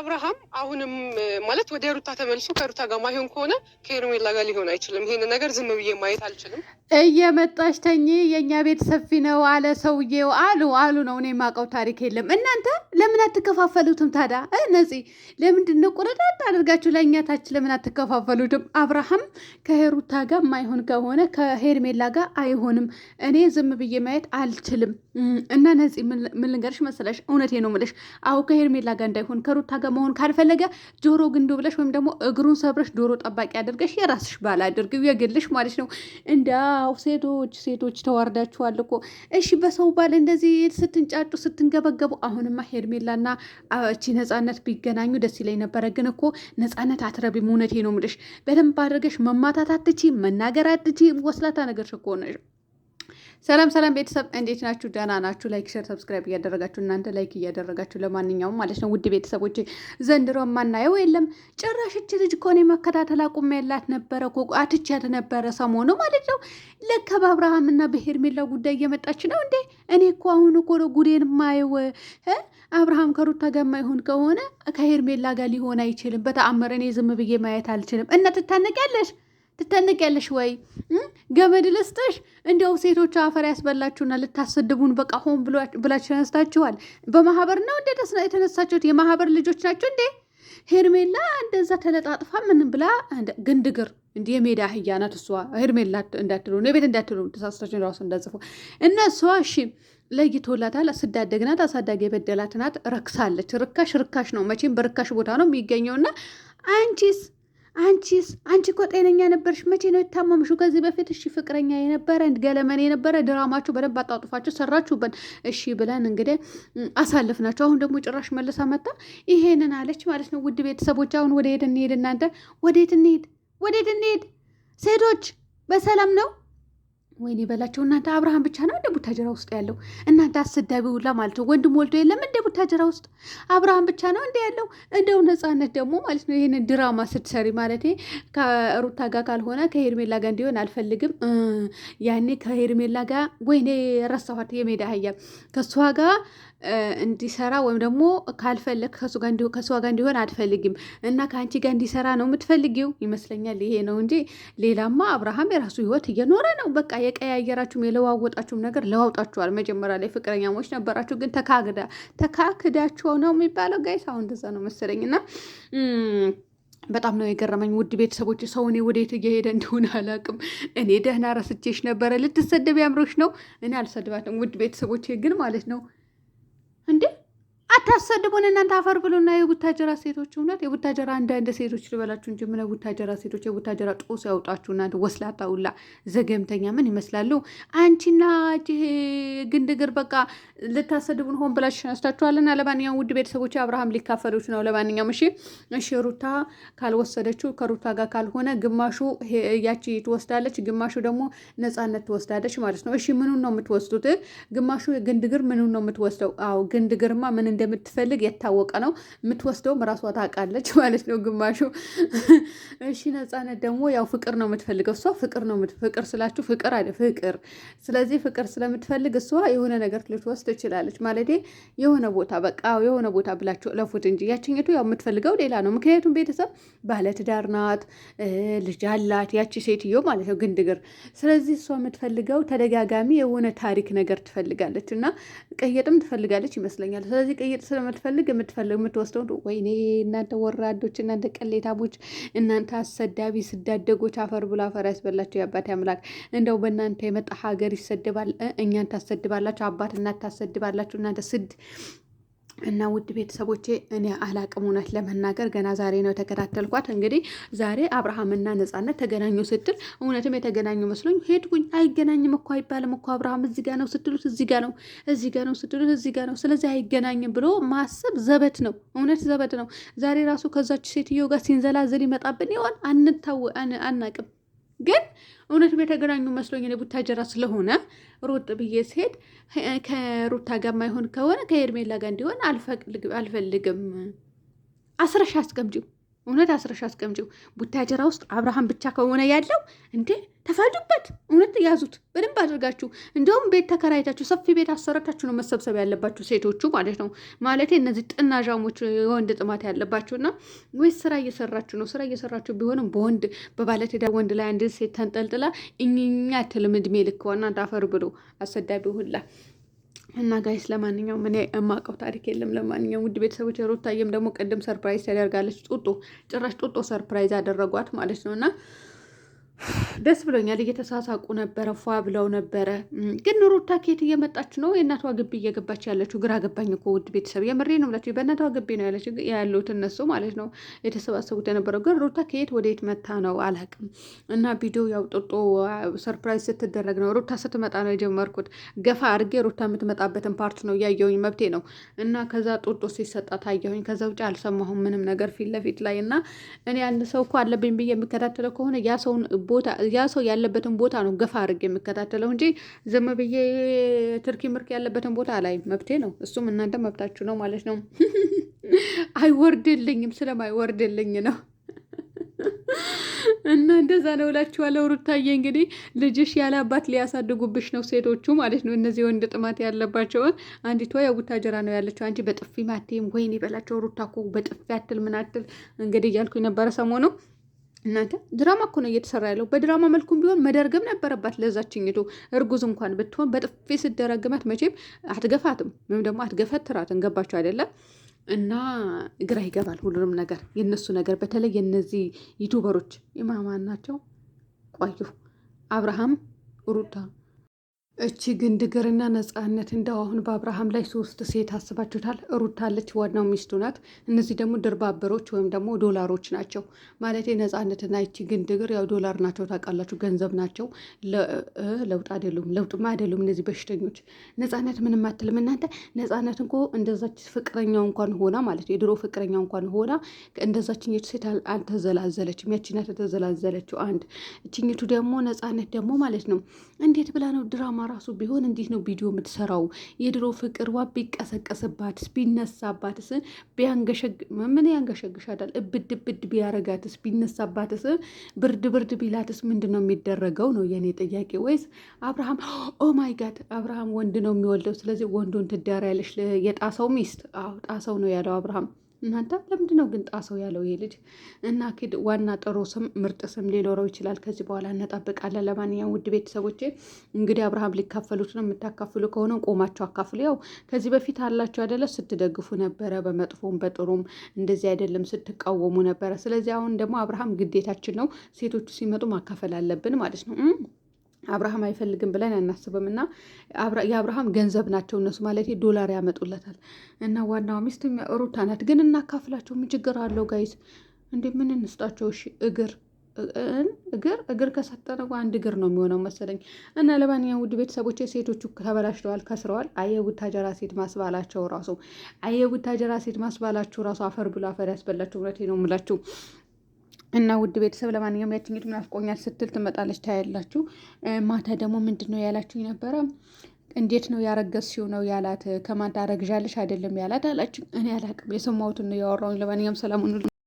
አብርሃም አሁንም ማለት ወደ ሩታ ተመልሶ ከሩታ ጋር ማይሆን ከሆነ ከሄርሜላ ጋር ሊሆን አይችልም። ይሄን ነገር ዝም ብዬ ማየት አልችልም። እየመጣሽ ተኝ የእኛ ቤት ሰፊ ነው አለ ሰውዬው። አሉ አሉ ነው እኔ የማውቀው ታሪክ የለም። እናንተ ለምን አትከፋፈሉትም ታዲያ? እነዚህ ለምንድን ነው ቁረጣት አድርጋችሁ ለእኛ ታች ለምን አትከፋፈሉትም? አብርሃም ከሩታ ጋር ማይሆን ከሆነ ከሄርሜላ ጋር አይሆንም። እኔ ዝም ብዬ ማየት አልችልም። እና ነፂ ምን ልንገርሽ መሰለሽ፣ እውነቴ ነው የምልሽ። አሁ ከሄርሜላ ጋር እንዳይሆን ከሩታ ጋር መሆን ካልፈለ ከፈለገ ጆሮ ግንዱ ብለሽ ወይም ደግሞ እግሩን ሰብረሽ ዶሮ ጠባቂ አድርገሽ የራስሽ ባል አድርግ የግልሽ ማለት ነው። እንዳው ሴቶች ሴቶች ተዋርዳችኋል እኮ እሺ። በሰው ባል እንደዚህ ስትንጫጩ ስትንገበገቡ። አሁንማ ሄርሜላና እቺ ነፃነት ቢገናኙ ደስ ይለኝ ነበረ። ግን እኮ ነፃነት አትረቢ እውነቴ ነው የምልሽ። በደንብ አድርገሽ መማታት አትቺ፣ መናገር አትቺ። ወስላታ ነገር እኮ ነሽ። ሰላም ሰላም ቤተሰብ እንዴት ናችሁ? ደህና ናችሁ? ላይክ ሸር፣ ሰብስክራይብ እያደረጋችሁ እናንተ ላይክ እያደረጋችሁ ለማንኛውም ማለት ነው ውድ ቤተሰቦች ዘንድሮ የማናየው የለም። ጭራሽ እች ልጅ ከሆነ መከታተል አቁም ያላት ነበረ እኮ አትቻት ነበረ ሰሞኑ ማለት ነው። ለካ በአብርሃምና በሄርሜላ ጉዳይ እየመጣች ነው እንዴ? እኔ እኮ አሁን እኮ ጉዴን ማየው አብርሃም ከሩታ ጋር የማይሆን ከሆነ ከሄርሜላ ጋር ሊሆን አይችልም። በተአምር እኔ ዝም ብዬ ማየት አልችልም። እና ትታነቂያለሽ ትታነቂያለሽ ወይ ገመድ ልስጥሽ። እንዲያው ሴቶች አፈር ያስበላችሁና ልታሰድቡን በቃ ሆን ብላችሁ ተነስታችኋል። በማህበር ነው እንዴ የተነሳችሁት? የማህበር ልጆች ናቸው እንዴ? ሄርሜላ እንደዛ ተለጣጥፋ ምን ብላ ግንድግር እንዲህ የሜዳ አህያ ናት እሷ። ሄርሜላ እንዳትሉ ቤት እንዳትሉ ተሳስታችን ራሱ እንዳጽፉ እና እሷ እሺ ለይቶላታል። ስዳደግ ናት አሳዳጊ የበደላት ናት። ረክሳለች። ርካሽ ርካሽ ነው መቼም በርካሽ ቦታ ነው የሚገኘውና አንቺስ አንቺስ አንቺ እኮ ጤነኛ ነበርሽ። መቼ ነው የታመምሽው? ከዚህ በፊት እሺ፣ ፍቅረኛ የነበረ ገለመን የነበረ ድራማችሁ በደንብ አጣጥፋችሁ ሰራችሁበት። እሺ ብለን እንግዲህ አሳልፍናቸው። አሁን ደግሞ ጭራሽ መልሳ መጣ ይሄንን አለች ማለት ነው። ውድ ቤተሰቦች አሁን ወደ ሄድ እንሄድ፣ እናንተ ወደ ሄድ እንሄድ፣ ወደ ሄድ እንሄድ። ሴቶች በሰላም ነው ወይኔ በላቸው እናንተ። አብርሃም ብቻ ነው እንደ ቡታጀራ ውስጥ ያለው እናንተ አሰዳቢ ሁላ ማለት ነው። ወንድም ወልዶ የለም እንደ ቡታጀራ ውስጥ አብርሃም ብቻ ነው እንደ ያለው። እንደው ነፃነት ደግሞ ማለት ነው ይህንን ድራማ ስትሰሪ ማለት ከሩታ ጋር ካልሆነ ከሄርሜላ ጋር እንዲሆን አልፈልግም። ያኔ ከሄርሜላ ጋር ወይኔ ረሳኋት የሜዳ አህያ ከእሷ ጋር እንዲሰራ ወይም ደግሞ ካልፈለግ ከእሷ ጋር እንዲሆን አልፈልግም እና ከአንቺ ጋር እንዲሰራ ነው የምትፈልጊው ይመስለኛል። ይሄ ነው እንጂ ሌላማ አብርሃም የራሱ ህይወት እየኖረ ነው በቃ የቀያየራችሁም የለዋወጣችሁም ነገር ለዋውጣችኋል። መጀመሪያ ላይ ፍቅረኛሞች ነበራችሁ፣ ግን ተካክዳ ተካክዳችሁ ነው የሚባለው ጋይስ። አሁን እንደዛ ነው መሰለኝ እና በጣም ነው የገረመኝ ውድ ቤተሰቦች። ሰው እኔ ወዴት እየሄደ እንደሆነ አላውቅም። እኔ ደህና ረስቼሽ ነበረ። ልትሰደብ ያምሮች ነው። እኔ አልሰድባትም ውድ ቤተሰቦች፣ ግን ማለት ነው አታሰድቡን እናንተ አፈር ብሉና የቡታጀራ ሴቶች እውነት የቡታጀራ አንዳንድ ሴቶች ልበላችሁ እንጂ ምን የቡታጀራ ሴቶች የቡታጀራ ጦስ ያውጣችሁ እናንተ ወስላታ ሁላ ዘገምተኛ ምን ይመስላሉ አንቺና ግንድግር በቃ ልታሰድቡን ሆን ብላችሁ ነስታችኋልና ለማንኛውም ውድ ቤተሰቦች አብርሃም ሊካፈሉት ነው ለማንኛውም እሺ እሺ ሩታ ካልወሰደችው ከሩታ ጋር ካልሆነ ግማሹ ያቺ ትወስዳለች ግማሹ ደግሞ ነፃነት ትወስዳለች ማለት ነው እሺ ምኑን ነው የምትወስዱት ግማሹ ግንድግር ምኑን ነው የምትወስደው አዎ ግንድግርማ ምን እንደምት እንደምትፈልግ የታወቀ ነው። የምትወስደውም ራሷ ታውቃለች ማለት ነው ግማሹ። እሺ ነፃነት ደግሞ ያው ፍቅር ነው የምትፈልገው እሷ ፍቅር ነው ፍቅር ስላችሁ ፍቅር አለ ፍቅር። ስለዚህ ፍቅር ስለምትፈልግ እሷ የሆነ ነገር ልትወስድ ትችላለች ማለት የሆነ ቦታ በቃ የሆነ ቦታ ብላችሁ እለፉት እንጂ ያችኝቱ ያው የምትፈልገው ሌላ ነው። ምክንያቱም ቤተሰብ ባለትዳር ናት፣ ልጅ አላት ያቺ ሴትዮ ማለት ነው ግንድግር። ስለዚህ እሷ የምትፈልገው ተደጋጋሚ የሆነ ታሪክ ነገር ትፈልጋለች እና ቀየጥም ትፈልጋለች ይመስለኛል። ስለዚህ ቀየጥ ስለምትፈልግ የምትፈልግ የምትወስደው ወይኔ እናንተ ወራዶች፣ እናንተ ቀሌታቦች፣ እናንተ አሰዳቢ ስዳደጎች፣ አፈር ብሎ አፈር ያስበላቸው የአባት አምላክ። እንደው በእናንተ የመጣ ሀገር ይሰድባል፣ እኛን ታሰድባላችሁ፣ አባት እናት ታሰድባላችሁ። እናንተ ስድ እና ውድ ቤተሰቦቼ እኔ አላቅም እውነት ለመናገር ገና ዛሬ ነው የተከታተልኳት። እንግዲህ ዛሬ አብርሃምና ነጻነት ተገናኙ ስትል እውነትም የተገናኙ መስሎኝ ሄድኩኝ። አይገናኝም እኮ አይባልም እኮ አብርሃም እዚህ ጋ ነው ስትሉት እዚህ ጋ ነው፣ እዚህ ጋ ነው ስትሉት እዚህ ጋ ነው። ስለዚህ አይገናኝም ብሎ ማሰብ ዘበት ነው፣ እውነት ዘበት ነው። ዛሬ ራሱ ከዛች ሴትዮ ጋር ሲንዘላዘል ይመጣብን ይሆን? አንታው አናቅም ግን እውነትም የተገናኙ መስሎኝ እኔ ቡታጀራ ስለሆነ ሩጥ ብዬ ስሄድ ከሩታ ጋር ማይሆን ከሆነ ከሄርሜላ ጋር እንዲሆን አልፈልግም። አስረሻ አስቀምጪው እውነት አስረሽ አስቀምጪው። ቡታጀራ ውስጥ አብርሃም ብቻ ከሆነ ያለው እንዴ ተፋጁበት። እውነት ያዙት በደንብ አድርጋችሁ። እንደውም ቤት ተከራይታችሁ ሰፊ ቤት አሰረታችሁ ነው መሰብሰብ ያለባችሁ ሴቶቹ ማለት ነው። ማለት እነዚህ ጥናዣሞች የወንድ ጥማት ያለባችሁ እና ወይስ ስራ እየሰራችሁ ነው? ስራ እየሰራችሁ ቢሆንም በወንድ በባለትዳር ወንድ ላይ አንድ ሴት ተንጠልጥላ እኛ ትልም እድሜ ልክ ዋና እንዳፈር ብሎ አሰዳቢ ሁላ እና ጋይስ ለማንኛውም እኔ የማውቀው ታሪክ የለም። ለማንኛውም ውድ ቤተሰቦች ሩታዬም ደግሞ ቅድም ሰርፕራይዝ ተደርጋለች። ጡጦ ጭራሽ ጡጦ ሰርፕራይዝ አደረጓት ማለት ነው እና ደስ ብሎኛል። እየተሳሳቁ ነበረ፣ ፏ ብለው ነበረ። ግን ሩታ ኬት እየመጣች ነው? የእናቷ ግቢ እየገባች ያለችው ግራ ገባኝ እኮ ውድ ቤተሰብ፣ የምሬ ነው ብላችሁ በእናቷ ግቢ ነው ያለች ያሉት እነሱ ማለት ነው የተሰባሰቡት የነበረው። ግን ሩታ ከየት የት መታ ነው አላውቅም። እና ቪዲዮ ያው ጦጦ ሰርፕራይዝ ስትደረግ ነው ሩታ ስትመጣ ነው የጀመርኩት። ገፋ አድርጌ ሩታ የምትመጣበትን ፓርት ነው ያየሁኝ፣ መብቴ ነው። እና ከዛ ጦጦ ሲሰጣ ታየሁኝ። ከዛ ውጭ አልሰማሁም ምንም ነገር ፊት ለፊት ላይ እና እኔ አንድ ሰው እኮ አለብኝ ብዬ የሚከታተለው ከሆነ ያ ሰውን ቦታ ያ ሰው ያለበትን ቦታ ነው ገፋ አድርግ የምከታተለው እንጂ ዝም ብዬ ትርኪ ምርክ ያለበትን ቦታ ላይ መብቴ ነው። እሱም እናንተ መብታችሁ ነው ማለት ነው። አይወርድልኝም፣ ስለማይወርድልኝ ነው እና እንደዛ ነው እላችኋለሁ። ሩታዬ እንግዲህ ልጅሽ ያለ አባት ሊያሳድጉብሽ ነው ሴቶቹ ማለት ነው። እነዚህ ወንድ ጥማት ያለባቸውን አንዲቷ የቡታጀራ ነው ያለችው። አንቺ በጥፊ ማቴም ወይን ይበላቸው ሩታ እኮ በጥፊ አትል ምን አትል እንግዲህ እያልኩ የነበረ ሰሞኑ እናንተ ድራማ እኮ ነው እየተሰራ ያለው። በድራማ መልኩም ቢሆን መደርገም ነበረባት። ለዛችኝቱ እርጉዝ እንኳን ብትሆን በጥፊ ስደረግመት መቼም አትገፋትም፣ ወይም ደግሞ አትገፈትራትም። ገባቸው አይደለም? እና ግራ ይገባል ሁሉንም ነገር የነሱ ነገር፣ በተለይ የነዚህ ዩቱበሮች የማማን ናቸው። ቆዩ አብርሃም ሩታ እቺ ግን ድግርና ነፃነት እንደው አሁን በአብርሃም ላይ ሶስት ሴት አስባችሁታል። ሩታለች ዋናው ሚስቱ ናት። እነዚህ ደግሞ ድርባበሮች ወይም ደግሞ ዶላሮች ናቸው ማለት ነጻነትና እቺ ግን ድግር ያው ዶላር ናቸው ታውቃላችሁ፣ ገንዘብ ናቸው። ለውጥ አይደሉም፣ ለውጥማ አይደሉም እነዚህ በሽተኞች። ነፃነት ምንም አትልም እናንተ። ነፃነት እንኮ እንደዛች ፍቅረኛው እንኳን ሆና ማለት የድሮ ፍቅረኛው እንኳን ሆና እንደዛችኛቱ ሴት አልተዘላዘለችም። ያችናት ተዘላዘለችው አንድ። እችኝቱ ደግሞ ነጻነት ደግሞ ማለት ነው እንዴት ብላ ነው ድራማ ራሱ ቢሆን እንዲህ ነው ቪዲዮ የምትሰራው። የድሮ ፍቅር ዋ ቢቀሰቀስባትስ፣ ቢነሳባትስ፣ ቢያንገሸግ ምን ያንገሸግሻታል? እብድ እብድ ቢያረጋትስ፣ ቢነሳባትስ፣ ብርድ ብርድ ቢላትስ ምንድን ነው የሚደረገው ነው የእኔ ጥያቄ። ወይስ አብርሃም ኦ ማይ ጋድ አብርሃም ወንድ ነው የሚወልደው። ስለዚህ ወንዱን ትዳር ያለሽ የጣሰው ሚስት ጣሰው ነው ያለው አብርሃም እናንተ ለምንድን ነው ግን ጣሰው ያለው ይሄ ልጅ? እና ኪድ ዋና ጥሩ ስም ምርጥ ስም ሊኖረው ይችላል። ከዚህ በኋላ እንጠብቃለን። ለማንኛውም ውድ ቤተሰቦቼ እንግዲህ አብርሃም ሊካፈሉት ነው። የምታካፍሉ ከሆነ ቆማቸው አካፍሉ። ያው ከዚህ በፊት አላቸው አይደለ? ስትደግፉ ነበረ፣ በመጥፎም በጥሩም እንደዚህ አይደለም ስትቃወሙ ነበረ። ስለዚህ አሁን ደግሞ አብርሃም ግዴታችን ነው፣ ሴቶቹ ሲመጡ ማካፈል አለብን ማለት ነው። አብርሃም አይፈልግም ብለን አናስብም እና የአብርሃም ገንዘብ ናቸው እነሱ ማለት ዶላር ያመጡለታል እና ዋናው ሚስት ሩታ ናት። ግን እናካፍላቸው ምን ችግር አለው ጋይስ? እንዴ ምን እንስጣቸው? እሺ እግር እግር እግር ከሰጠነ አንድ እግር ነው የሚሆነው መሰለኝ። እና ለማንኛውም ውድ ቤተሰቦች ሴቶቹ ተበላሽተዋል፣ ከስረዋል። አየቡታጀራ ሴት ማስባላቸው ራሱ አየቡታጀራ ሴት ማስባላቸው ራሱ አፈር ብሎ አፈር ያስበላቸው እውነቴን ነው የምላችሁ። እና ውድ ቤተሰብ ለማንኛውም ያችኝቱ እንግዲህ ናፍቆኛል ስትል ትመጣለች፣ ታያላችሁ። ማታ ደግሞ ምንድን ነው ያላችሁኝ ነበረ? እንዴት ነው ያረገዝሽው ነው ያላት። ከማን ታረግዣለሽ አይደለም ያላት አላችሁ። እኔ አላቅም፣ የሰማሁትን ነው ያወራውኝ። ለማንኛውም ሰላም